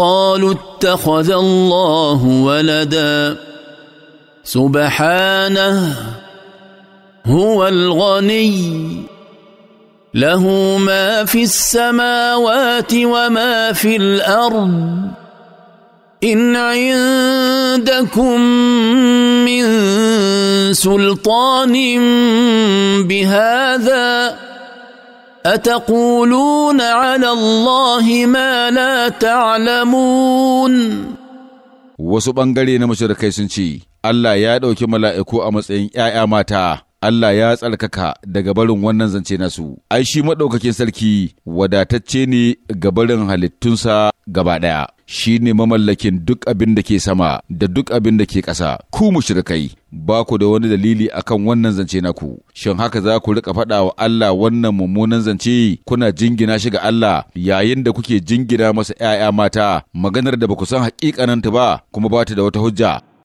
قالوا اتخذ الله ولدا سبحانه هو الغني له ما في السماوات وما في الارض ان عندكم من سلطان بهذا اتقولون على الله ما لا تعلمون wasu ɓangare na mashirkai sun ce Allah ya ɗauki mala'iku a matsayin ‘ya'ya mata Allah ya tsarkaka daga barin wannan zance nasu, ai shi maɗaukakin sarki wadatacce ne ga barin halittunsa gaba ɗaya. shi ne mamallakin duk abin da ke sama da duk abin da ke ƙasa, ku mushrikai ba ku da wani dalili akan wannan zance naku, shin haka za ku riƙa faɗa wa Allah wannan mummunan zance kuna jingina shi ga Allah yayin da kuke jingina masa ‘ya'ya mata maganar da ba ku san haƙiƙananta ba kuma ba ta da wata hujja.